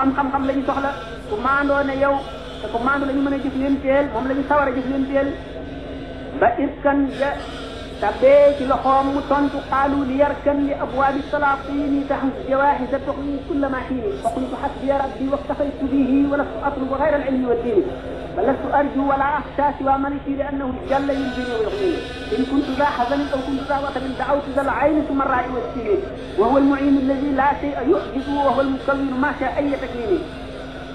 xam-xam-xam la ñu soxla bu maandoo ne yow te bu maandoo la ñu mën a jëf leen teel moom la ñu sawar a jëf leen teel ba iskan ja tabee ci loxoom mu tontu qaalu li yarkan li abwaabi salaatini taxam jawaaxisa tuxyi kulla ma xiini faqultu xasbiya rabbi waqtafaytu bihi wa lastu atlubu gayra al ilmi wa diini فلست أرجو ولا أخشى سوى ملكي لأنه جل يلزمني ويغنيني إن كنت ذا حزن أو كنت ذا وقت دعوت ذا العين ثم الراعي والسنين وهو المعين الذي لا شيء يحجزه وهو المكبر ما شاء أي تكليم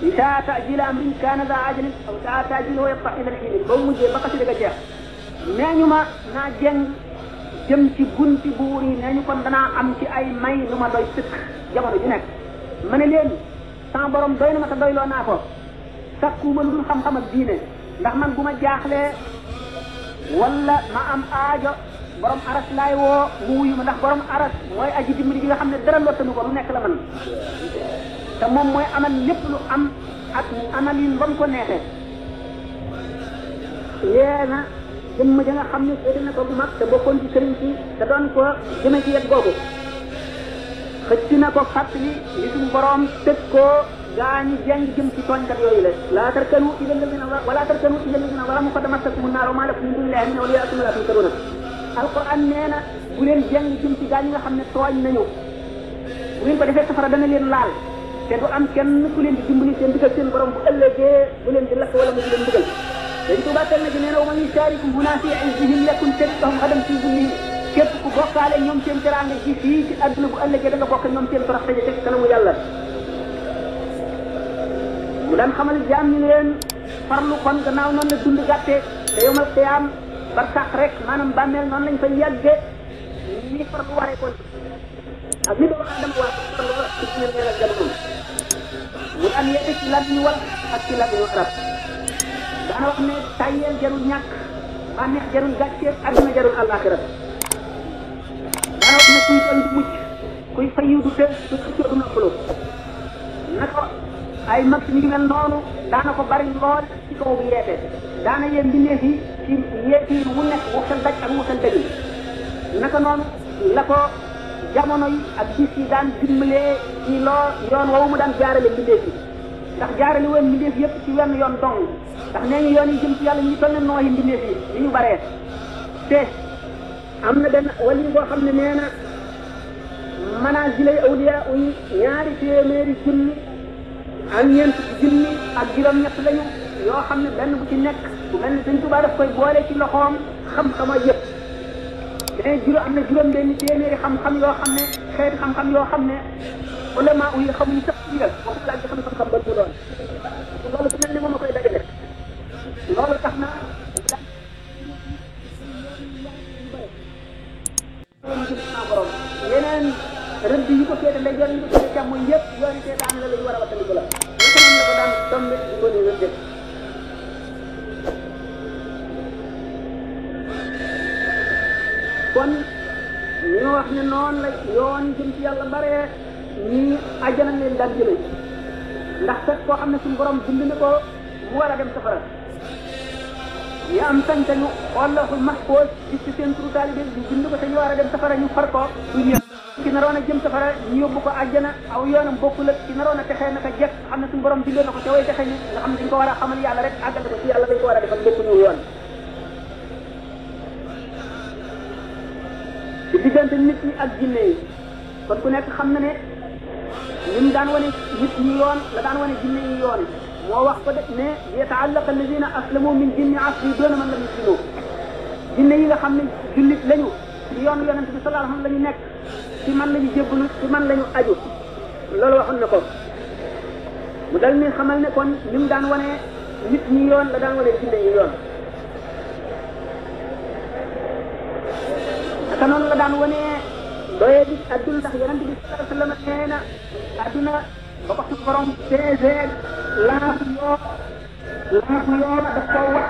إن شاء تأجيل أمر كان ذا عجل أو شاء تأجيله ويقطع إلى الحين قوم جي بقى سيدك جاه نانيما ناجن jëm ci بوري buuri كنت انا danaa اي ci ay may lu ma doy sëkk jamono ju nekk ma ne leen sama borom sakkuuma lu dul xam-xam ak diine ndax man bu ma jaaxlee wala ma am aajo borom aras laay woo mu wuyu ma ndax borom aras mooy aji dimbali bi nga xam ne dara lottanu ko lu nekk la man te moom mooy amal lépp lu am ak amalin ba mu ko neexee yee na jëmm ja nga xam ne féete na ko bu mag te bokkoon ci sëriñ si te doon ko jëme ci yet googu xëcc na ko fàttali li suñu borom tëj koo gaa ñi jàng jëm ci tooñkat yooyu la laa tarkanu ilal wala tarkanu ilal lazina walamu ko damassakumu naaru maa lakum min dunillahi min awliya laa tunsaruun alquran nee na bu leen jàng jëm ci gaa ñi nga xam ne tooñ nañu bu ngeen ko defee safara dana leen laal te du am kenn ku leen di dimbali seen digal seen borom bu ëllëgee bu leen di lakk wala mu di leen dugal dañ ko bàttal na wa man yusharikum huna fi fi zullihim képp ku bokkaale ñoom ci fii da nga bokk ñoom seen torox mu daan xamal jam ñi leen farlu kon gannaaw noonu la dund gàttee te yomal xiyaam bar sax rek maanaam bàmmeel noonu lañ fa yàgge ni farlu waré kon ak ni doomu aadama war farlu la ci ñu ne la mu daan yedd ci lan ñu wal ak ci lan ñu arab daana wax ne tàyyeel jarul ñàkk bànneex jarul gàccee àdduna jarul alaxira daana wax ne kuy fay mucc kuy fay yu du tëj du xëccoo du noppalu ay mag yu mel noonu daana ko bari lool ci kaw bu yeete daana yee mbindeef yi ci yeete yi mu nekk waxtaan daj ak waxtaan daj naka noonu la ko jamono yi ak gis yi daan dimbalee ci loo yoon woowu mu daan jaarale mbindeef yi ndax jaarale woon mbindeef yëpp ci wenn yoon dong ndax nee ñu yoon yi jëm ci yàlla ñu toll yi li ñu baree te am na benn wala ñu boo xam ne nee na manaa jilay awliya uy ñaari téeméeri junni am ñeent junni ak juróom-ñett lañu yoo xam ne benn bu ci nekk bu mel ni Sëñ Tuubaa daf koy boole ci loxoom xam-xam ak yëpp mais juróom am na juróom benn téeméeri xam-xam yoo xam ne xeeti xam-xam yoo xam ne ulama yi xamuñu sax digal waxu laaj xam xam-xam ba mu doon loolu su mel ni moom a koy dajale loolu tax na yeneen rëdd yi ko féete ndeyjoor yi ko féete càmmoñ yëpp yooni seetaan la la ñu war a wattandiku la lépp nañ ko kon ñoo wax ne noonu la yoon jëm ci yàlla baree ñii ajjana leen daan jëme ndax kat koo xam ne suñu borom bind ko mu war a dem safara ñi am sañ-sañu wallaahu mahfoos ci seen turu taalibe bi bind ko te ñu war safara ñu far ko naroon a jëm safara ñu yóbbu ko àjjana aw yoonam bokkul ak ci naroon a texee naka jekk xam ne suñu borom bindoo na ko ca way texe ñi nga xam ne dañ ko war a xamal yàlla rek àggal ko ci yàlla dañ ko war a defal bokkuñu yoon ci diggante nit ñi ak jinne yi kon ku nekk xam na ne lim daan wane nit ñi yoon la daan wane jinne yi yoon moo wax ko def ne yataallaqa alladina aslamu min jinni asri doona man lam yuslimu jinne yi nga xam ne jullit lañu ci yoonu yonent bi sallallahu alayhi nekk ci man la ñu jébbalu ci man lañu ñu aju loolu waxoon na ko mu dal ni xamal ne kon li mu daan wane nit ñi yoon la daan wane jinne di adduna ndax yonent bi sallallahu alayhi wa sallam nee na adduna ba ko su borom 16 heures laafu yoo laafu yoo daf koo wax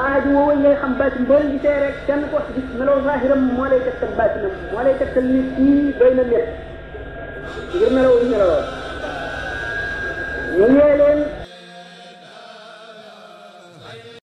aajo woowu ngay xam baatin boo leen gisee rek kenn ko gis meloo zahiram moo lay tegtal baatinam moo lay tegtal ni kii doy na nekk ngir meloo ñu meloo ñu ñee leen